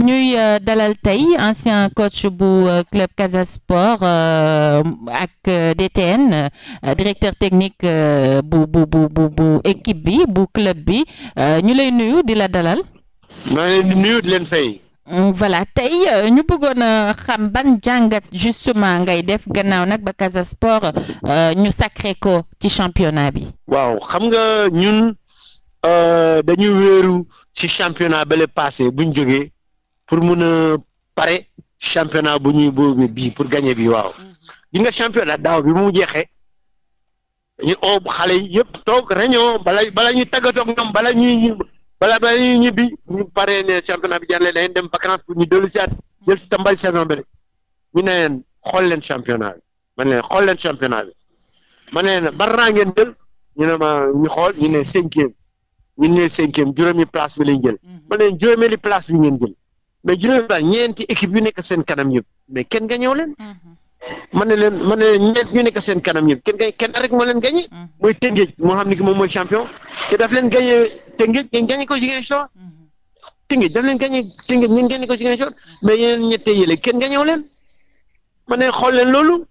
ñuy euh, dalal tey ancien coach bu euh, club Casa Sport euh, ak DTN directeur technique bu bu bu équipe bi bu club bi ñu lay nuyu di la dalal. maa ngi leen di nuyu leen fay. Mm, voilà tey ñu bëggoon a xam ban jàngat justement ngay def gannaaw nag ba Casa Sport ñu sacré ko ci championnat bi. waaw xam nga ñun dañu wéeru ci championnat bale passé buñ jóge pour mun a pare championnat bu ñu boobu bi pour gagner bi waaw di mm-hmm. nga championnat daaw bi mu jeexe ñu oo xale yëpp toog réunion bala bala ñuy tàggatoo ak ñoom bala ñuy bala bala ñibbi ñu paree ne championnat bi jàllee dañuy dem vacance pour ñu dellu si at jël si tambal saison bi ñu ne leen xool leen championnat bi man leen xool leen championnat bi ma ne leen ban rang ngeen ñu ne ma ñu xool ñu ne cinquième ñu ne cinquième place bi mm-hmm. ma ne leen juróomeeli place bi mais jëlee naa ñeenti équipe yu nekk seen kanam yëpp mais kenn gañew leen. man ne leen man ne leen ñeent ñu nekk seen kanam yëpp kenn gañ kenn rek moo leen gañe. Mm-hmm. mooy Tëngéej moo xam ne ki moom mooy champion te daf leen gañe Tëngéej ngeen gañe ko Ziguinchor. Mm-hmm. Tëngéej daf leen gañe Tëngéej ngeen gañe ko Ziguinchor mais yeneen ñette yële kenn gañew leen ma ne xool leen loolu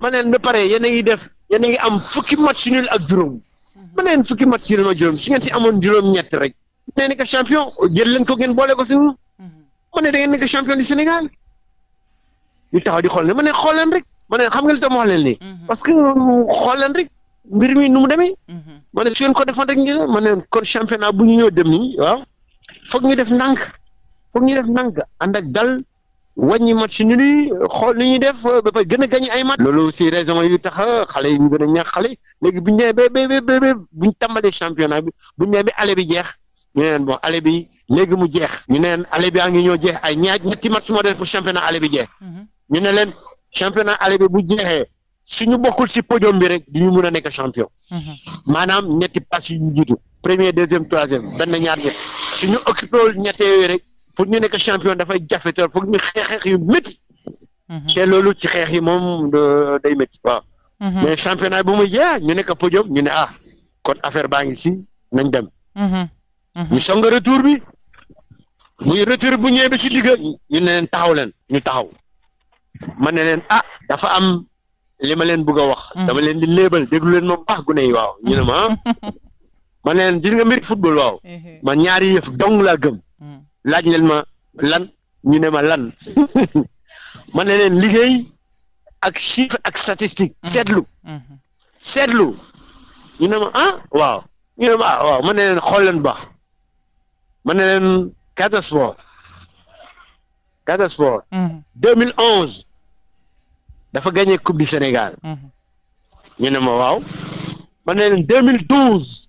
ma ne leen ba pare yéen a ngi def yéen a ngi am fukki match nul ak juróom mm-hmm. ma ne leen fukki match nul a juróom su ngeen si amoon juróom-ñett rek nee na que champion jël leen ko ngeen boole ko si ma ne da ngeen nekk champion du Sénégal ñu taxaw di xool ne ma ne xool leen rek ma ne xam nga li tax ma wax leen nii. Mhm. parce que xool leen rek mbir mi nu mu demee. Mhm. ma ne su ngeen ko defoon rek ñu ma ne kon championnat bu ñu ñëw dem nii waaw foog ñu def ndànk foog ñu def ndànk ànd ak dal wàññi match ñu ni xool ni ñuy def ba pare gën a gañi ay match. loolu si raison yu tax xale yi ñu gën a ñaax xale léegi bu ñu demee ba ba ba buñ tàmbalee championnat bi bu ñu demee ba bi jeex. ñu ne leen bon aller bi jeex ñu ne leen aller bi a ngi ñoo jeex ay ñaar ñetti match moo des pour championnat aller bi jeex mhm. ñu ne leen championnat aller bi bu jeexee suñu bokkul ci podium bi rek du ñu mën a nekk champion mhm. maanaam ñetti pass yu ñu jiitu premier deuxième troisième benn ñaar ñett suñu occupé wul ñett yooyu rek ñu nekk champion dafay jafe trop foog ñu xeex xeex yu métti mhm. te loolu ci xeex yi moom day métti waaw mais championnat bu mu jeex ñu nekk podium ñu ne ah kon affaire baa ngi si nañ dem Mhm. ñu song retour bi muy retour bu ñëwee ba ci digg ñu ne taxaw leen ñu taxaw ma ne leen ah dafa am li ma leen bëgg a wax. Mhm. dama leen di léebal déglu leen ma baax gune yi waaw ñu ne ma ah. ma ne leen gis nga mbir football waaw mhm. ma ñaari yëf dong laa gëm laaj leen ma lan ñu ne ma lan ma ne leen liggéey ak chiffre ak statistique seetlu seetlu ñu ne ma ah waaw ñu ma ah waaw ma ne leen xool leen baax. ma ne leen Casa Sport Casa Sport. 2011 dafa gañe coupe du Sénégal. Mm-hmm. ñu ne ma waaw ma ne leen 2012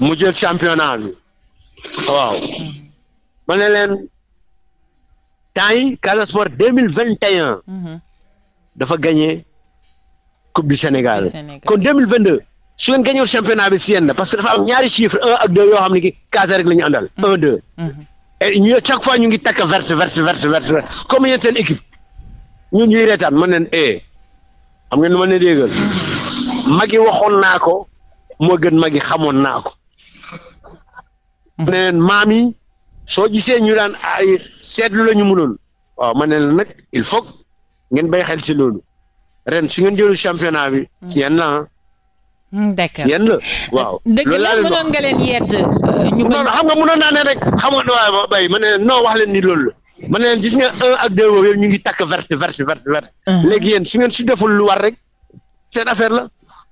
mu jël championnat bi waaw mm-hmm. ma ne leen temps yi Casa Sport 2021. dafa gagné coupe du Sénégal. kon 2022. su ngeen gañewul championnat bi si yéen la parce que dafa am ñaari chiffre un ak yoo xam ne ki Casa rek la ñu mm-hmm. un deux. Mm-hmm. et fois ñu ngi takk verse verse verse verse comme yéen seen équipe ñun ñuy reetaan mën leen eh xam ngeen mën leen yéegal mag yi waxoon naa ko moo gën mag yi xamoon naa ko. ne leen maam yi soo gisee ñu daan ay seetlu la ñu mënoon waaw ma ne la nag il faut ngeen bay xel si loolu ren su ngeen jëlu championnat bi mm-hmm. si yéen Hmm, d'accord yéen la waaw. Euh, loolu laa leen mënoon nga leen yedd euh, xam nga mënoon naa ne rek xam nga waaye ma bay ma ne non wax ni loolu ma ne leen gis nga un ak boobu ñu ngi takk verse verse verse verse. Uh-huh. léegi yéen su ngeen su deful lu war rek seen affaire la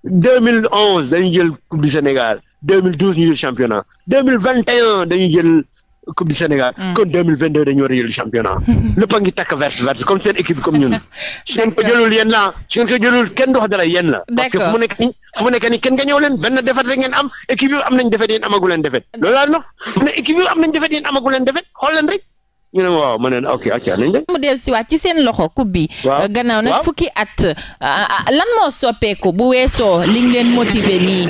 2011 dañu jël coupe du Sénégal 2012 ñu jël championnat 2021 dañu jël. coupe du Sénégal. Mm. kon deux mille vingt deux dañu war a championnat. lépp a takk vert vert comme seen équipe comme ñun. su ngeen ko jëlul yéen la su ngeen ko jëlul kenn dox dara yéen la. parce que fu mu nekk nii fu mu nekk nii kenn nga ñëw leen benn defet rek ngeen am équipe yu am nañ defet yéen am nañ leen defet xool leen rek. ñu ne waaw ma ne ok acca nañ dem. mu dellu si waat ci seen loxo coupe bi. waaw euh, gannaaw nag fukki at. Euh, euh, lan moo soppeeku bu weesoo li ngeen nii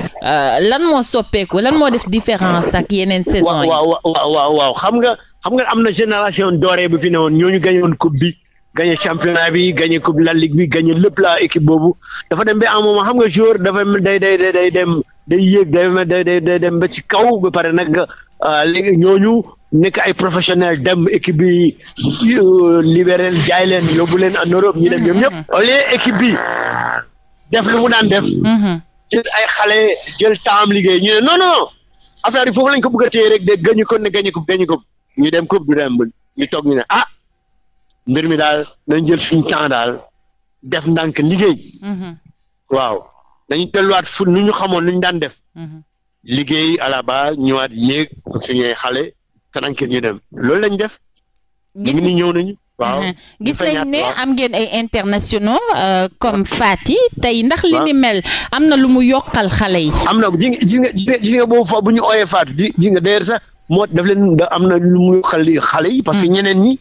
lan moo soppeeku lan moo def différence ak yeneen saison yi. waaw waaw xam nga xam nga am na génération dorée bu fi woon ñooñu gagné woon coupe bi. gagné championnat bi gagné coupe la ligue bi gagné lépp la équipe boobu dafa dem ba à un xam nga joueur dafa day day day dem day yéeg day dem ba ci kaw ba pare nag Euh, léegi ñooñu nekk ay professionnels dem équipe bi euh, libéré jaay leen yóbbu leen en Europe ñu dem ñoom ñëpp. Mm-hmm. au bi def lu mu daan def. Mm-hmm. jël ay xale jël temps liggéey ñu ne non non affaire yi foofu lañ ko bëgg a téye rek de gañu ko ne ko gañu ko ñu dem ko du dem ñu toog ñu ne ah mbir mi daal nañ jël suñu temps daal def ndànk liggéey. Mm-hmm. waaw dañu delluwaat fu nu ñu xamoon nu daan def. liggéey à la base ñëwaat yéeg suñuy xale keen ñu dem loolu lañ def. ñu ngi ni ñëw nañu. waaw gis nañ ne am ngeen ay internationaux euh, comme yi tey ndax li ni mel am na lu mu yokkal xale yi. am na ji nga ji nga boobu bu ñu ooyee faat ji ji nga d'ailleurs sax moo daf leen am na lu mu yokkal xale yi. parce que ñeneen ñi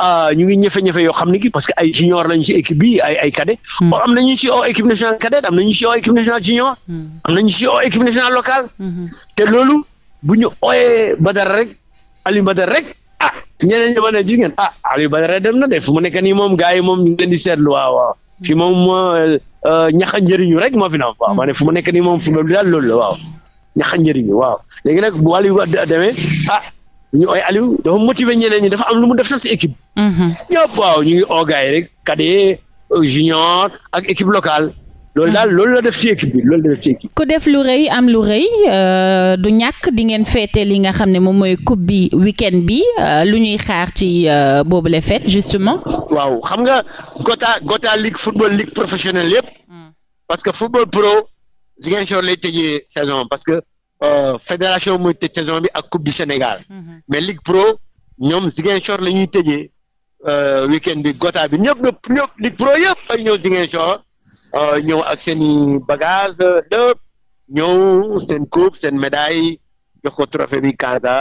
Euh, ñu ngi ñëfe-ñëfe yoo xam ne ki parce que ay junior lañu ci équipe bi ay ay cadet hmm. oh, am nañu ci oo équipe nationale cadette am nañu ci oo équipe nationale junior hmm. am nañu ci oo équipe nationale locale hmm. te loolu bu ñu ooyee Badara rek Aliou Badara rek ah ñeneen ñi ma ne gis ngeen ah Aliou Badara dem na de fu mu nekk ni moom gars yi moom ñu ngi leen di seetlu fi moom euh, euh, ñax a njëriñu rek moo fi na waaw ma ne fu mu nekk nii moom football bi daal loolu la waaw ñax a njëriñu waaw ñu ay Aliou dafa motiver ñeneen ñi dafa am lu mu def sax si équipe. Mhm. ñëpp waaw ñu ngi rek cadet euh, junior ak équipe locale. loolu daal mhm. loolu la def ci équipe bi loolu def ci équipe. ku def lu rëy am lu rëy euh, du ñàkk di ngeen féete li nga xam ne moom mooy coupe bi week bi euh, lu ñuy xaar ci boobu la fête justement. waaw xam nga Gota Gota League football League professionnelle yëpp. Mhm. parce que football pro Ziguinchor lay tëjee saison parce que. Euh, fédération mooy tëj saison bi ak coupe du Sénégal. Mhm. mais Ligue Pro ñoom Ziguinchor la ñuy tëjee euh, week-end bi gota bi ñëpp ñëpp ñëpp Ligue Pro yëpp ay ñëw Ziguinchor euh, ñëw ak seen i bagage lépp ñëw seen coupe seen médaille jox ko trophée bi Casa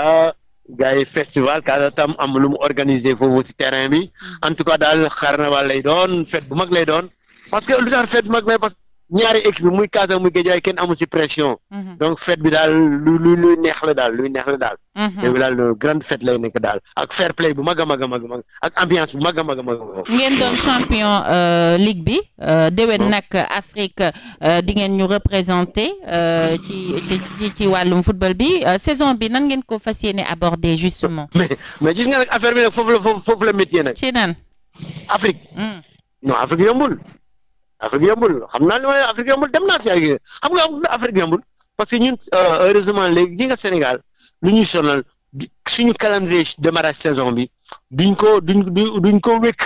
gars yi festival Casa tam am lu mu organiser foofu ci terrain bi mhm. en tout cas daal carnaval lay doon fête bu mag lay doon parce que lu tax fête bu mag lay parce ñaari équipe muy Casa muy Guédiawaye kenn amu ci pression. Mhm. donc fête bi daal lu luy neex la daal luy neex la daal. mais mhm. bi daal grande fête lay nekk daal ak fair play bu mag a mag a mag ak ambiance bu mag a mag a ngeen doon champion euh, ligue bi euh, déwén nag Afrique euh, di ñu représenté ci ci ci wàllum football bi saison bi nan ngeen ko fas yéene aborder justement. mais mais gis nga nag affaire bi nag foofu la foofu la métier nag. ci nan Afrique mm. yombul. Afrique yombul xam naa li may Afrique yombul dem naa fi ak xam nga Afrique yombul parce que ñun euh, heureusement léegi ñi nga Sénégal lu ñuy sonal suñu calendrier démarrage saison bi duñ ko duñ duñ ko wékk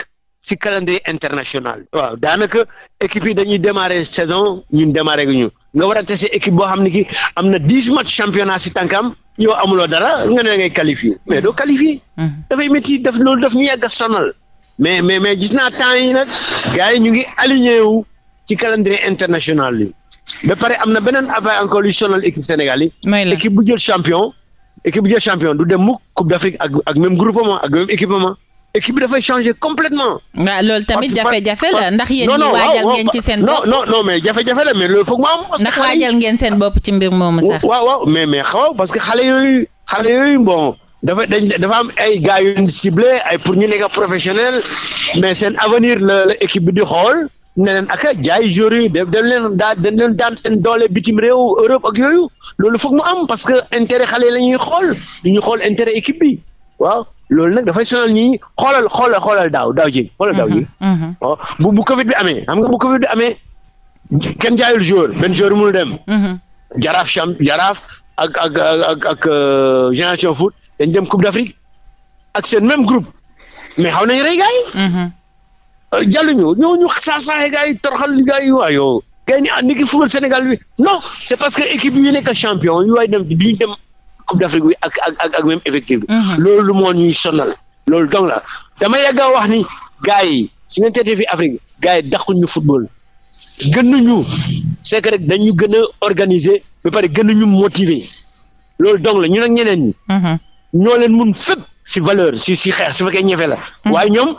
si calendrier international. waaw daanaka équipe yi dañuy démarrer saison ñun démarrer gu ñu nga war a tase équipe boo xam ne ki am na dix match championnat si am yow amuloo dara nga ne ngay qualifié mais doo qualifié. Mm-hmm. dafay métti daf loolu daf ñu yàgg sonal. mais mais mais gis naa temps yi nag gars ñu ngi aligné wu ci calendrier international yi ba pare am na beneen affaire encore lu sonal équipe Sénégal yi. équipe bu jël champion. équipe bu jël champion du dem mukk coupe d'Afrique ak ak même groupement ak même équipement. équipe bi dafay changer complètement waaw loolu tamit jafe-jafe la ndax yéen ñi waajal ngeen ci seen bopp non non mais jafe-jafe la mais loolu foog mu ngeen seen bopp ci mbir moomu sax waaw waaw mais mais xaw parce que xale yooyu xale bon dafa dañ dafa am ay gars yu ciblé ay pour ñu nekk professionnel mais seen avenir la la équipe bi di xool ne leen ak jaay joueurs yi dem leen daa dañ leen daan seen doole bitim réew Europe ak yooyu loolu foog mu am parce que intérêt xale la ñuy xool du ñu xool intérêt équipe bi waaw loolu nag dafay sonal ñi xoolal xoolal xoolal daaw daaw ji xoolal daaw ji mm-hmm, mm-hmm. bu bu Covid bi amee xam nga bu Covid bi amee kenn jaayul joueur benn joueur mënul dem mm-hmm. jaraaf champ jaraaf ak ak ak ak euh, génération foot dañ dem Coupe d'Afrique ak seen même groupe mais xaw nañu rey gars yi. Mhm. Euh, jàlluñu ñooñu saa saa gars yi toroxal gars yi waa yow. gars yi ni ki football Sénégal bi non c' parce que équipe yi nekk champion yu waay dem duñu dem Coupe d'Afrique bi ak ak ak même effectif bi. Mhm. loolu moo ñuy sonal loolu donc dama yàgg a wax ni gars yi su ngeen fi Afrique gars yi dàquñu football. gënuñu c' est que rek dañu gën a organiser ba pare gënuñu motiver loolu donc ñu nag ñeneen ñoo leen mun fépp si valeur si si xeex su fekkee ñefe la. Mm. waaye ñoom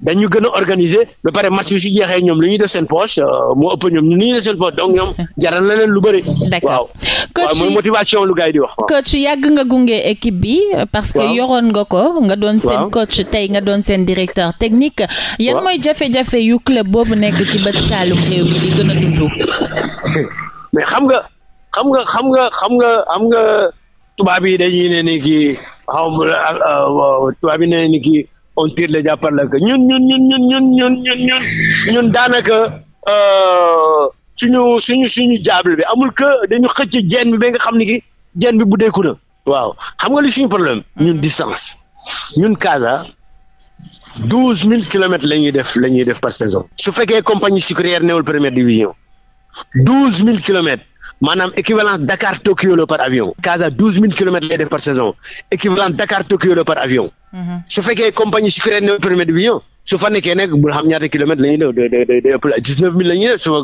dañu gën a ba pare match yu si jeexee ñoom lu ñuy def seen poche euh, moo ëpp ñoom ñu lu ñuy def seen poche donc ñoom mm. jaral na leen lu bëri. d'accord waaw mooy motivation lu gars yi di wax. coach yàgg nga gunge équipe bi. parce que yoroon nga ko nga doon seen. coach tey nga doon seen directeur technique. yan mooy jafe-jafe yu club boobu nekk ci bët saalum réew mi di gën a dund. mais xam nga xam nga xam nga. tubaab yi dañuy ne ni kii xaw ma euh, euh, tubaab yi ne ni kii on tire les gens par le cou ñun ñun ñun ñun ñun ñun ñun ñun ñun daanaka euh, suñu suñu suñu jaable bi amul que dañu xëcc jeen bi ba nga xam ni ki jeen bi bu deeku na waaw xam nga lu suñu problème ñun distance ñun Casa douze mille kilomètres la ñuy def la ñuy def par saison su fekkee compagnie sucrière newul première division douze mille kilomètres maanaam équivalent Dakar Tokyo la par avion. Casa douze mille kilomètres lay def par saison équivalent Dakar Tokyo la par avion. Mhm. su fekkee compagnie sucrière ne permet bi ñëw su fa nekk bul xam ñaata kilomètres la de de de ëpp la dix neuf su fa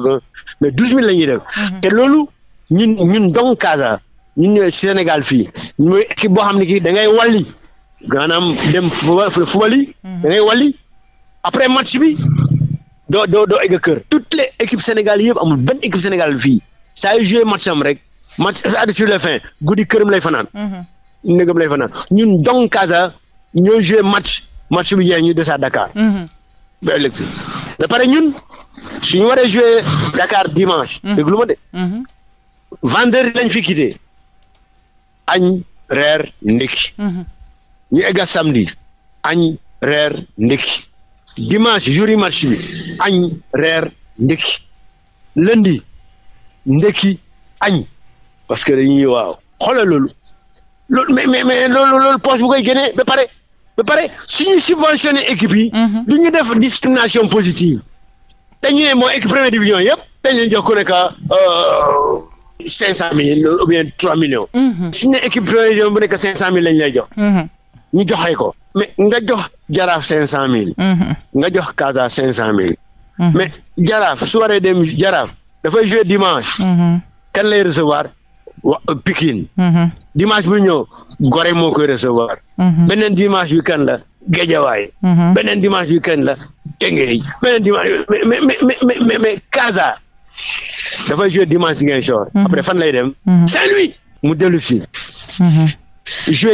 mais douze mille la ñuy mhm. te loolu ñun ñun donc Casa ñun Sénégal fii mooy équipe boo xam ne kii da ngay walli maanaam dem fubal yi. Mhm. da ngay walli après match bi doo doo doo egg le toutes les équipes yëpp amul benn équipe fii. saa yu joué match am rek match sur la fin guddi këram lay fanaan. Mhm. ndegam fanaan ñun donc Casa ñoo joué match match bi jeex ñu desaat Dakar. Mhm. ba ëllëg ba pare ñun suñu waree joué Dakar dimanche. Mhm. déglu de. vendredi lañ fi quitté añ reer ndékki. ñu egg samedi añ reer ndékki dimanche jour match bi añ reer ndékki lundi. ndekki añ parce que dañuy waaw xoolal loolu loolu mais mais mais loolu loolu poche bu koy génnee ba pare ba pare suñu subventionné équipe yi. Mhm. du ñu def discrimination positive. dañu ne mooy équipe première division yëpp dañ leen jox ku nekk euh, cinq cent mille ou bien trois millions. Mhm. suñu ne équipe première division bu nekk cinq cent mille lañ lay jox. Mhm. ñu joxe ko mais nga jox jaraaf cinq cent mille. nga jox Casa cinq cent mille. mais jaraaf su dem jaraaf. dafay jouer dimanche. Mm-hmm. kan lay recevoir wa Pikine. Mm-hmm. dimanche bu ñëw Gorée moo koy recevoir. Mm-hmm. beneen dimanche bi kan la Guédiawaye. beneen dimanche bi kan la Tengéej beneen dimanche mais mais mais mais Casa dimanche si ngeen soor. fan lay dem. Saint-Louis mu dellu si.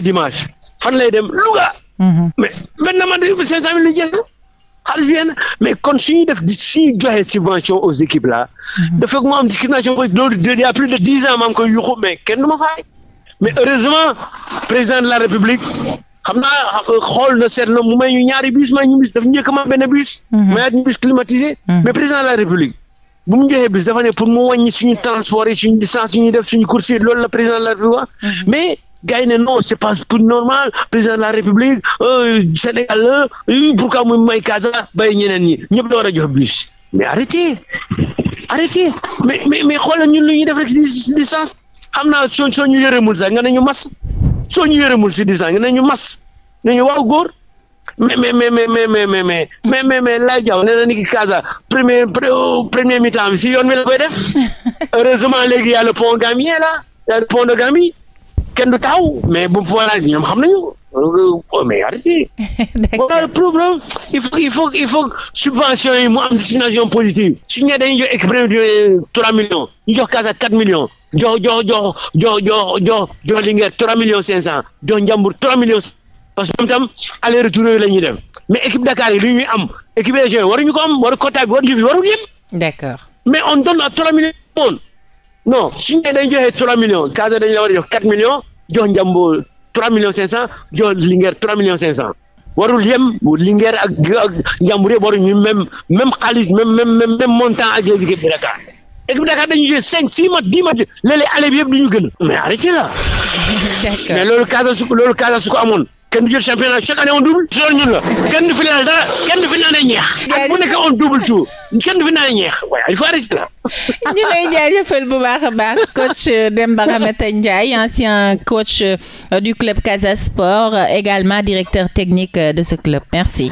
dimanche fan lay dem Louga. mais benn man cinq cent mille argent mais kon ñu def di suñu joxe subvention aux équipes là. Mhm. dafa mu am discrimination loolu il y a plus de dix ans maa ngi koy mais kenn du ma fay mais heureusement président de la république xam naa xool na seet na mu may ñaari bus may ñu bus dafa njëkk ma benn bus. Mhm. mayaat ñu bus climatisé. Mhm. mais président de la république. bu mu joxee bus dafa pour mu wàññi suñu transport yi suñu distance suñu def suñu course yi loolu la président de gars yi ne non c'est pas tout normal président de la république Sénégal la pourquoi muy may Casa bay ñeneen ñi ñëpp la war a jox bus mais arrêtez arrêtez mais mais mais xoolal ñun lu ñuy def rek si distance xam na soo soo ñu yëremul sax nga ne ñu mas soo ñu yëremul si distance nga ne ñu mas ne ñu waaw góor mais mais mais mais mais mais mais mais mais mais Laye Diaw nee na ni ki premier premier mi si yoon bi la koy def heureusement léegi y a le pont Gambien là y a le pont de Gambie. kenn du taxaw mais bu forage ñoom xam nañu euh, mais arrêté. voilà le problème il faut yi mu am discrimination positive su ñu nee dañuy jox exprimer trois millions ñu jox Casa quatre millions jox jox jox jox jox trois millions cinq cent jox Ndiambour trois millions parce que ñoom tam aller retour yooyu la ñuy dem mais équipe Dakar yi li ñuy am équipe région yi waruñu ko am waru quota bi waru ñu fi warul yem. d'accord mais on donne à trois millions. non su ñu dañu joxe millions Casa dañu war jox Njambur 3 millions 500 jox Linguère 3 millions 500 warul yem Linguère ak ak Njambur yëpp waruñu même même xaalis même même même montant ak les équipes de Dakar équipe Dakar dañuy jouer 5 6 match 10 match léeg-léeg ale bi yëpp du ñu gën mais arrêté la. mais loolu Casa su loolu ko amoon. kenn du jël championnat chaque année on double. si loolu ñun la kenn du fi naan dara kenn du fi naanee ñeex. ak bu nekk on double tout kenn du fi naanee ñeex waaye il faut arrêter là. ñu lay jaajëfal bu baax a baax coach euh, Demba Ramata Ndiaye ancien coach euh, du club Casa Sport également directeur technique euh, de ce club merci.